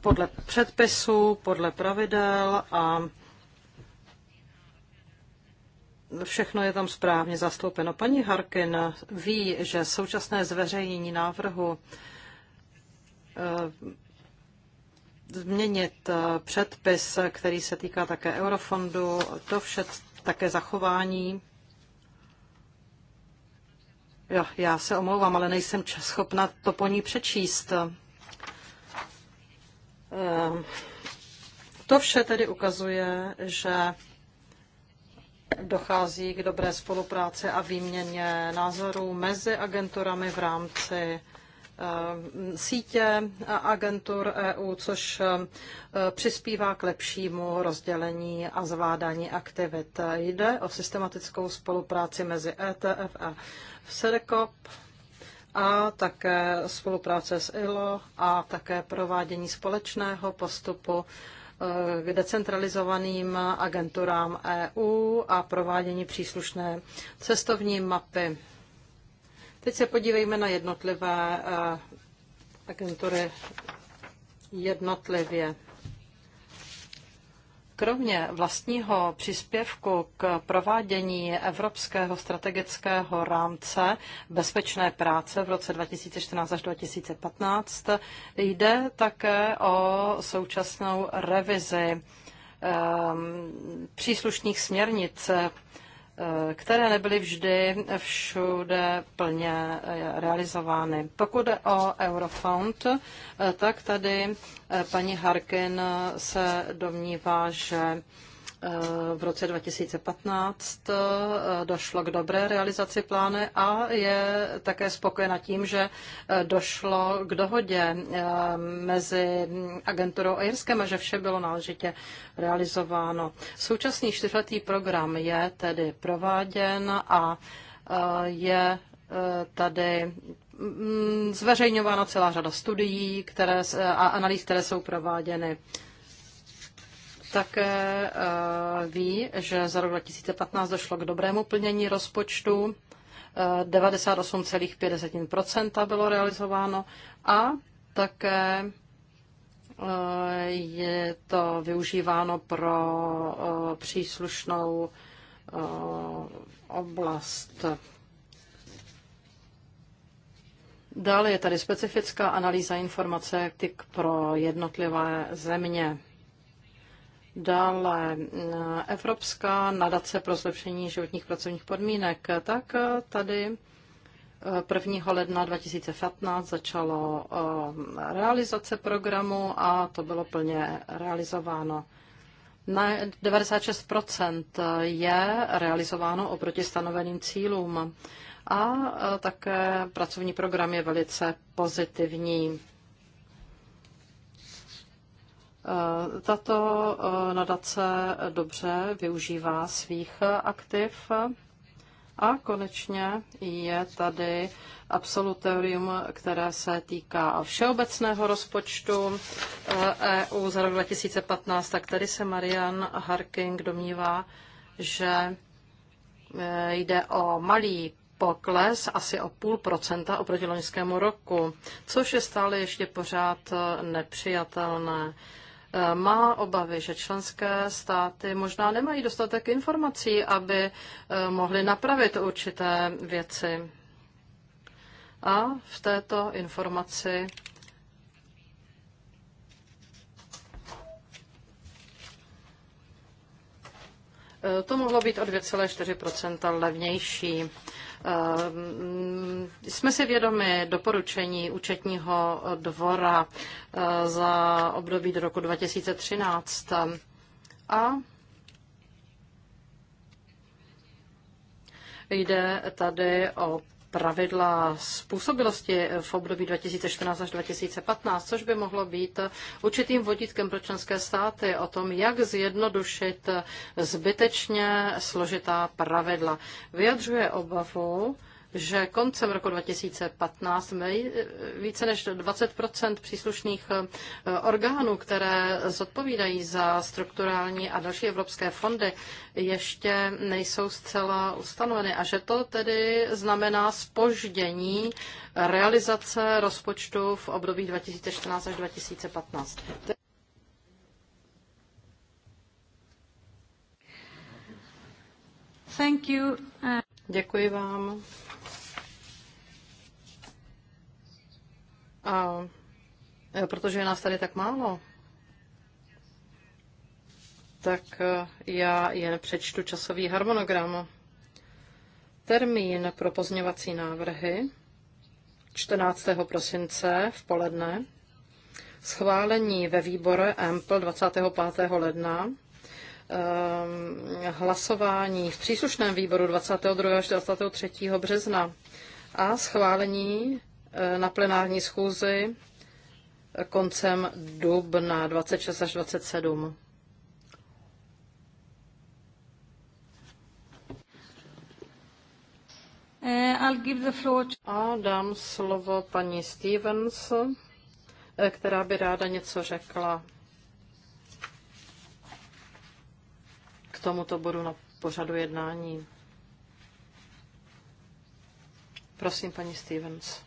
podle předpisů, podle pravidel a všechno je tam správně zastoupeno. Paní Harkin ví, že současné zveřejnění návrhu změnit eh, předpis, eh, který se týká také eurofondu, to vše také zachování. Jo, já se omlouvám, ale nejsem schopna to po ní přečíst. Ehm, to vše tedy ukazuje, že dochází k dobré spolupráci a výměně názorů mezi agenturami v rámci Eh, sítě agentur EU, což eh, přispívá k lepšímu rozdělení a zvládání aktivit. Jde o systematickou spolupráci mezi ETF a SEDECOP a také spolupráce s ILO a také provádění společného postupu eh, k decentralizovaným agenturám EU a provádění příslušné cestovní mapy. Teď se podívejme na jednotlivé eh, agentury jednotlivě. Kromě vlastního příspěvku k provádění Evropského strategického rámce bezpečné práce v roce 2014 až 2015 jde také o současnou revizi ehm, příslušných směrnic Eh, které nebyly vždy všude plně eh, realizovány. Pokud jde o Eurofond, eh, tak tady paní Harkin se domnívá, že Eh, v roce 2015 eh, došlo k dobré realizaci pláne a je také spokojena tím, že eh, došlo k dohodě mezi agenturou a Jirskem a že vše bylo náležitě realizováno. Současný čtyřletý program je tedy prováděn a je tady mm, zveřejňována celá řada studií které, a analýz, které jsou prováděny také eh, ví, že za rok 2015 došlo k dobrému plnění rozpočtu. 98,5 eh, bylo realizováno a také eh, je to využíváno pro příslušnou oblast. Dále je tady specifická analýza informace pro jednotlivé země. Dále eh, Evropská nadace pro zlepšení životních pracovních podmínek. Tak eh, tady 1. Eh, ledna 2015 začalo realizace programu a to bylo plně realizováno. Na 96 je realizováno oproti stanoveným cílům a také pracovní program je velice pozitivní. Eh, tato eh, nadace dobře využívá svých aktiv a konečně je tady absolutorium, které se týká všeobecného rozpočtu EU eh, e za rok 2015, tak tady se Marian Harking domnívá, že jde o malý pokles asi o půl procenta oproti loňskému roku, což je stále ještě pořád nepřijatelné má obavy, že členské státy možná nemají dostatek informací, aby eh, mohly napravit určité věci. A v této informaci eh, to mohlo být o 2,4 levnější. Ehm, jsme si vědomi doporučení účetního dvora eh, za období do roku 2013 a jde tady o pravidla způsobilosti v období 2014 až 2015, což by mohlo být určitým vodítkem pro členské státy o tom, jak zjednodušit zbytečně složitá pravidla. Vyjadřuje obavu, že koncem roku 2015 více než 20 příslušných eh, orgánů, které zodpovídají za strukturální a další evropské fondy, ještě nejsou zcela ustanoveny a že to tedy znamená spoždění realizace rozpočtu v období 2014 až 2015. Thank you. Uh, Děkuji vám. A e, protože je nás tady tak málo, tak e, já jen přečtu časový harmonogram. Termín pro pozměvací návrhy 14. prosince v poledne, schválení ve výbore EMPL 25. ledna, ehm, hlasování v příslušném výboru 22. až 23. března a schválení Eh, na plenární schůzi koncem dubna 26 až 27. Eh, I'll give the floor to... A dám slovo paní Stevens, eh, která by ráda něco řekla k tomuto bodu na pořadu jednání. Prosím, paní Stevens.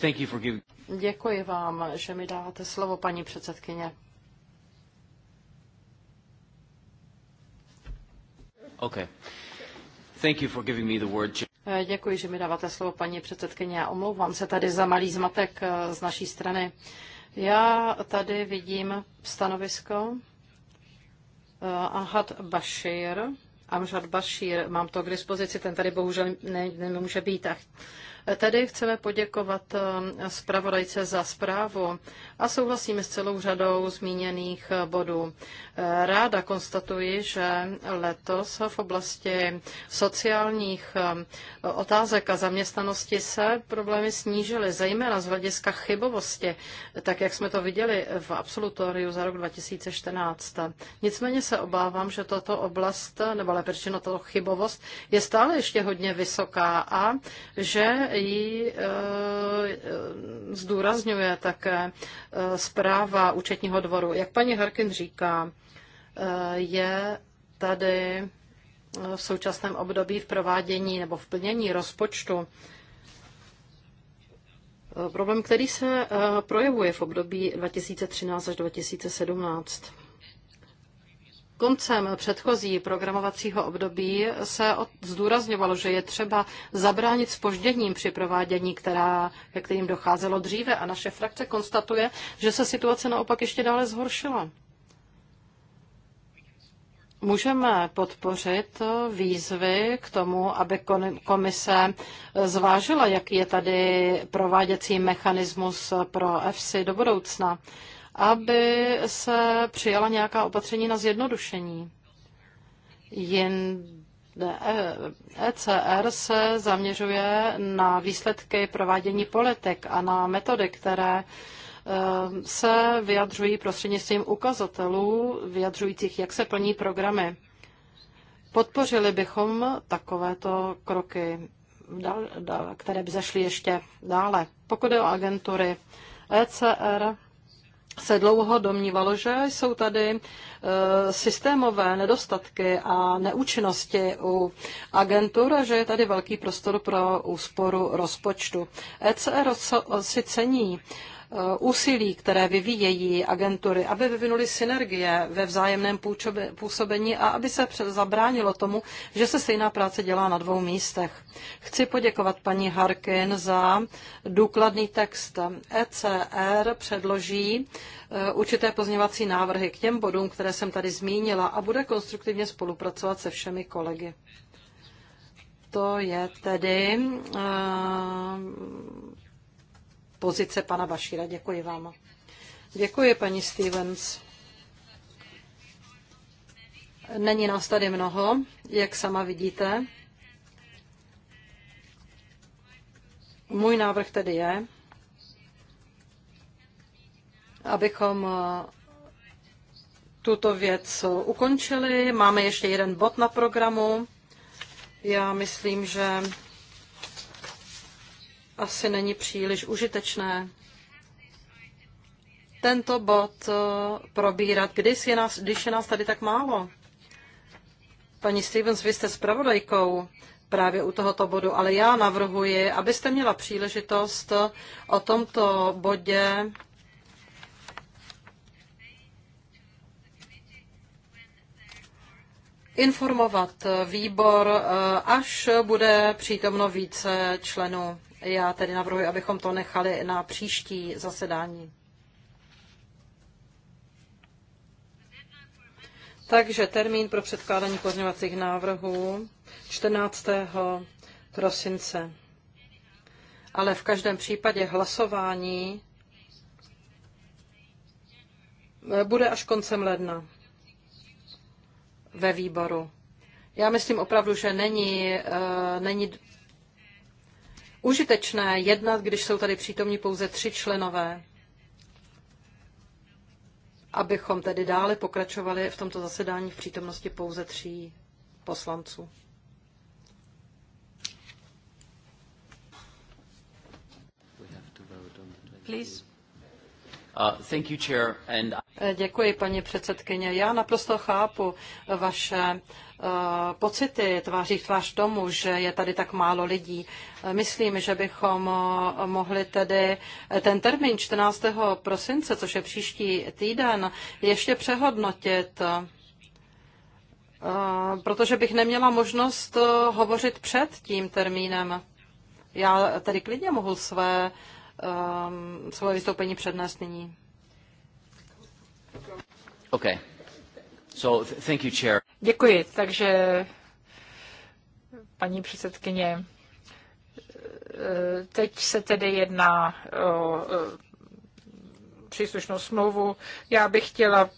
Thank you for giving... Děkuji vám, že mi dáváte slovo, paní předsedkyně. Okay. Thank you for giving me the word. Děkuji, že mi dáváte slovo, paní předsedkyně. Já omlouvám se tady za malý zmatek eh, z naší strany. Já tady vidím stanovisko eh, Ahad Bashir. Amžad Bashir, mám to k dispozici, ten tady bohužel ne, nemůže být. Tedy chceme poděkovat eh, zpravodajce za zprávu a souhlasíme s celou řadou zmíněných eh, bodů. Eh, ráda konstatuji, že letos v oblasti sociálních otázek a zaměstnanosti se problémy snížily, zejména z hlediska chybovosti, tak jak jsme to viděli v absolutoriu za rok 2014. Nicméně se obávám, že toto oblast, nebo lepší, řečeno toto chybovost, je stále ještě hodně vysoká a že ji eh, zdůrazňuje také eh, zpráva účetního dvoru. Jak paní Harkin říká, eh, je tady v současném období v provádění nebo v plnění rozpočtu problém, který se projevuje v období 2013 až 2017. Koncem předchozí programovacího období se zdůrazňovalo, že je třeba zabránit spožděním při provádění, která, ke kterým docházelo dříve a naše frakce konstatuje, že se situace naopak ještě dále zhoršila. Můžeme podpořit výzvy k tomu, aby komise zvážila, jaký je tady prováděcí mechanismus pro EFSI do budoucna aby se přijala nějaká opatření na zjednodušení. Jen ECR e, e se zaměřuje na výsledky provádění politik a na metody, které e, se vyjadřují prostřednictvím ukazatelů, vyjadřujících, jak se plní programy. Podpořili bychom takovéto kroky, které by zašly ještě dále. Pokud je o agentury, ECR se dlouho domnívalo, že jsou tady e, systémové nedostatky a neúčinnosti u agentur a že je tady velký prostor pro úsporu rozpočtu. ECR si cení Eh, úsilí, které vyvíjejí agentury, aby vyvinuli synergie ve vzájemném působení a aby se zabránilo tomu, že se stejná práce dělá na dvou místech. Chci poděkovat paní Harkin za důkladný text. ECR předloží eh, určité pozněvací návrhy k těm bodům, které jsem tady zmínila a bude konstruktivně spolupracovat se všemi kolegy. To je tedy uh, pozice pana Bašíra. Děkuji vám. Děkuji, paní Stevens. Není nás tady mnoho, jak sama vidíte. Můj návrh tedy je, abychom eh, tuto věc ukončili. Máme ještě jeden bod na programu. Já myslím, že asi není příliš užitečné tento bod eh, probírat, když je nás, když je nás tady tak málo. Paní Stevens, vy jste zpravodajkou právě u tohoto bodu, ale já navrhuji, abyste měla příležitost o tomto bodě informovat výbor, eh, až bude přítomno více členů. Já tedy navrhuji, abychom to nechali na příští zasedání. Takže termín pro předkládání pozměňovacích návrhů 14. prosince. Ale v každém případě hlasování eh, bude až koncem ledna ve výboru. Já myslím opravdu, že není, eh, není užitečné jednat, když jsou tady přítomní pouze tři členové, abychom tedy dále pokračovali v tomto zasedání v přítomnosti pouze tří poslanců. Please. Uh, eh, děkuji, paní předsedkyně. Já naprosto chápu vaše eh, pocity tváří v tvář tomu, že je tady tak málo lidí. Eh, myslím, že bychom mohli tedy ten termín 14. prosince, což je příští týden, ještě přehodnotit protože bych neměla možnost hovořit před tím termínem. Já tady klidně mohu své um, svoje vystoupení přednést nyní. Okay. So, thank you, chair. Děkuji. Takže paní předsedkyně, eh, teď se tedy jedná o eh, příslušnou smlouvu. Já bych chtěla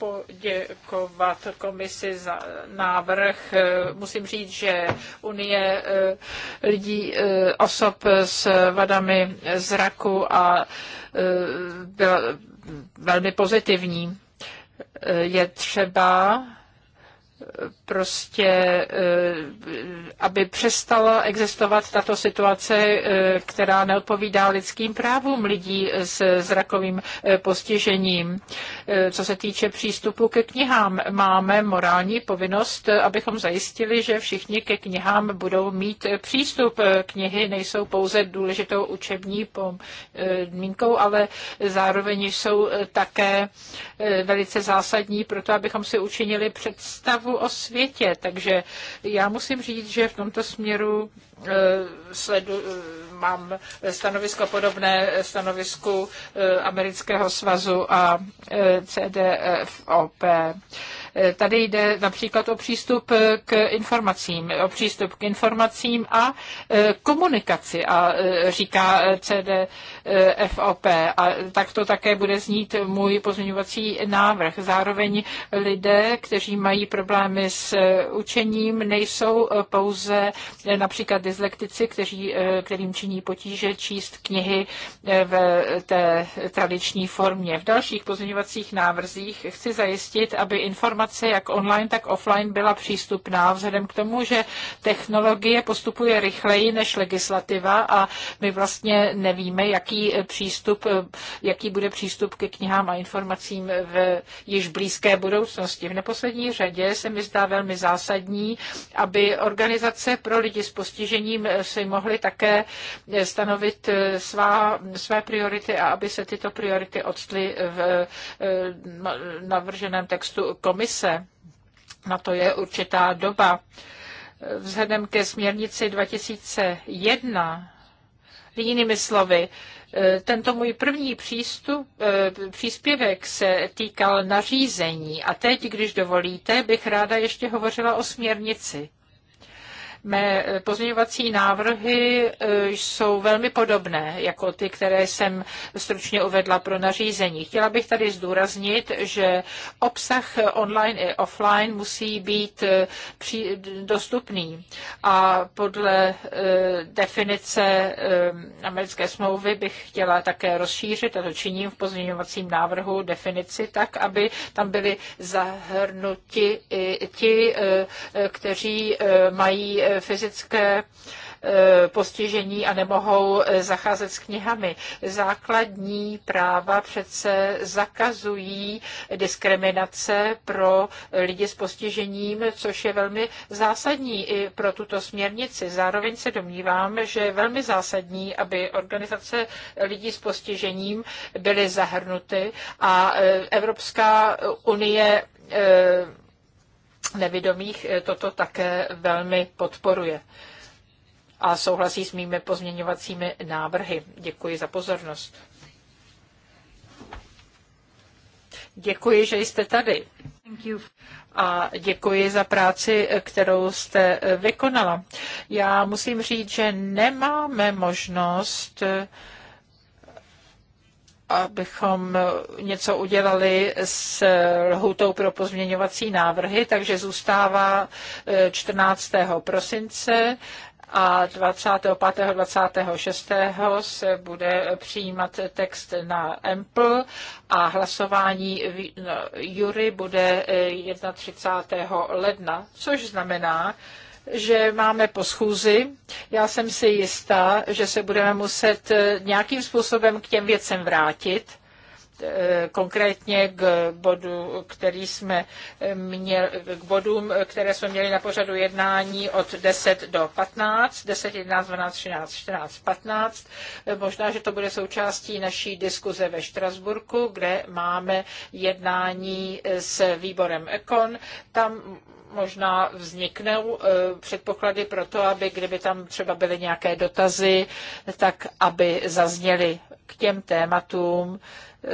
poděkovat komisi za návrh. Musím říct, že Unie eh, lidí, eh, osob s vadami zraku a eh, byla velmi pozitivní. Je třeba prostě, eh, aby přestala existovat tato situace, eh, která neodpovídá lidským právům lidí s zrakovým eh, postižením. Co se týče přístupu ke knihám, máme morální povinnost, abychom zajistili, že všichni ke knihám budou mít přístup. Knihy nejsou pouze důležitou učební podmínkou, ale zároveň jsou také velice zásadní pro to, abychom si učinili představu představu o světě. Takže já musím říct, že v tomto směru eh, sledu, eh, mám stanovisko podobné stanovisku eh, amerického svazu a CDFOP. Tady jde například o přístup k informacím, o přístup k informacím a e, komunikaci a e, říká CDFOP a tak to také bude znít můj pozměňovací návrh. Zároveň lidé, kteří mají problémy s e, učením, nejsou pouze například dyslektici, kteří, kterým činí potíže číst knihy v té tradiční formě. V dalších pozměňovacích návrzích chci zajistit, aby informace informace, jak online, tak offline, byla přístupná, vzhledem k tomu, že technologie postupuje rychleji než legislativa a my vlastně nevíme, jaký přístup, jaký bude přístup ke knihám a informacím v již blízké budoucnosti. V neposlední řadě se mi zdá velmi zásadní, aby organizace pro lidi s postižením si mohly také stanovit svá, své priority a aby se tyto priority odstly v eh, navrženém textu komise komise. Na to je určitá doba. Vzhledem ke směrnici 2001, jinými slovy, eh, tento můj první přístup, eh, příspěvek se týkal nařízení a teď, když dovolíte, bych ráda ještě hovořila o směrnici. Mé eh, pozměňovací návrhy eh, jsou velmi podobné jako ty, které jsem stručně uvedla pro nařízení. Chtěla bych tady zdůraznit, že obsah online i offline musí být eh, dostupný a podle definice americké smlouvy bych chtěla také rozšířit, a to činím v pozměňovacím návrhu, definici tak, aby tam byli zahrnuti i ti, kteří mají fyzické eh, postižení a nemohou eh, zacházet s knihami. Základní práva přece zakazují diskriminace pro lidi s postižením, což je velmi zásadní i pro tuto směrnici. Zároveň se domnívám, že je velmi zásadní, aby organizace lidí s postižením byly zahrnuty a eh, Evropská unie nevidomých eh, toto také velmi podporuje a souhlasí s mými pozměňovacími návrhy. Děkuji za pozornost. Děkuji, že jste tady. A děkuji za práci, eh, kterou jste eh, vykonala. Já musím říct, že nemáme možnost abychom něco udělali s lhutou pro pozměňovací návrhy, takže zůstává 14. Eh, prosince a 25. 26. se bude přijímat text na EMPL a hlasování Jury bude 31. Eh, ledna, což znamená, že máme po schůzi. Já jsem si jistá, že se budeme muset eh, nějakým způsobem k těm věcem vrátit eh, konkrétně k bodu, který jsme eh, měl, k bodům, které jsme měli na pořadu jednání od 10 do 15, 10, 11, 12, 13, 14, 15. Možná, že to bude součástí naší diskuze ve Štrasburku, kde máme jednání s výborem Ekon. Tam možná vzniknou eh, předpoklady pro to, aby kdyby tam třeba byly nějaké dotazy, tak aby zazněly k těm tématům, eh,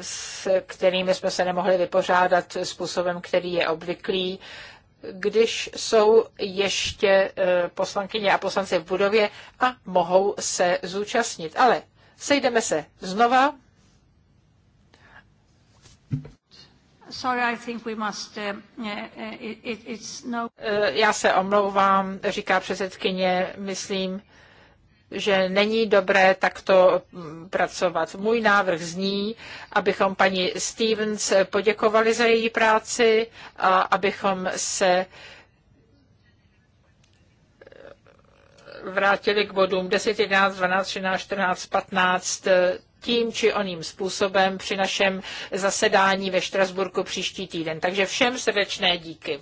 s kterými jsme se nemohli vypořádat způsobem, který je obvyklý. Když jsou ještě eh, poslankyně a poslanci v budově a mohou se zúčastnit. Ale sejdeme se znova Sorry, I think we must, uh, uh it, it's no... Eh, já se omlouvám, říká předsedkyně, myslím, že není dobré takto mm, pracovat. Můj návrh zní, abychom paní Stevens poděkovali za její práci a abychom se eh, vrátili k bodům 10, 11, 12, 13, 14, 15, tím či oným způsobem při našem zasedání ve Štrasburku příští týden. Takže všem srdečné díky.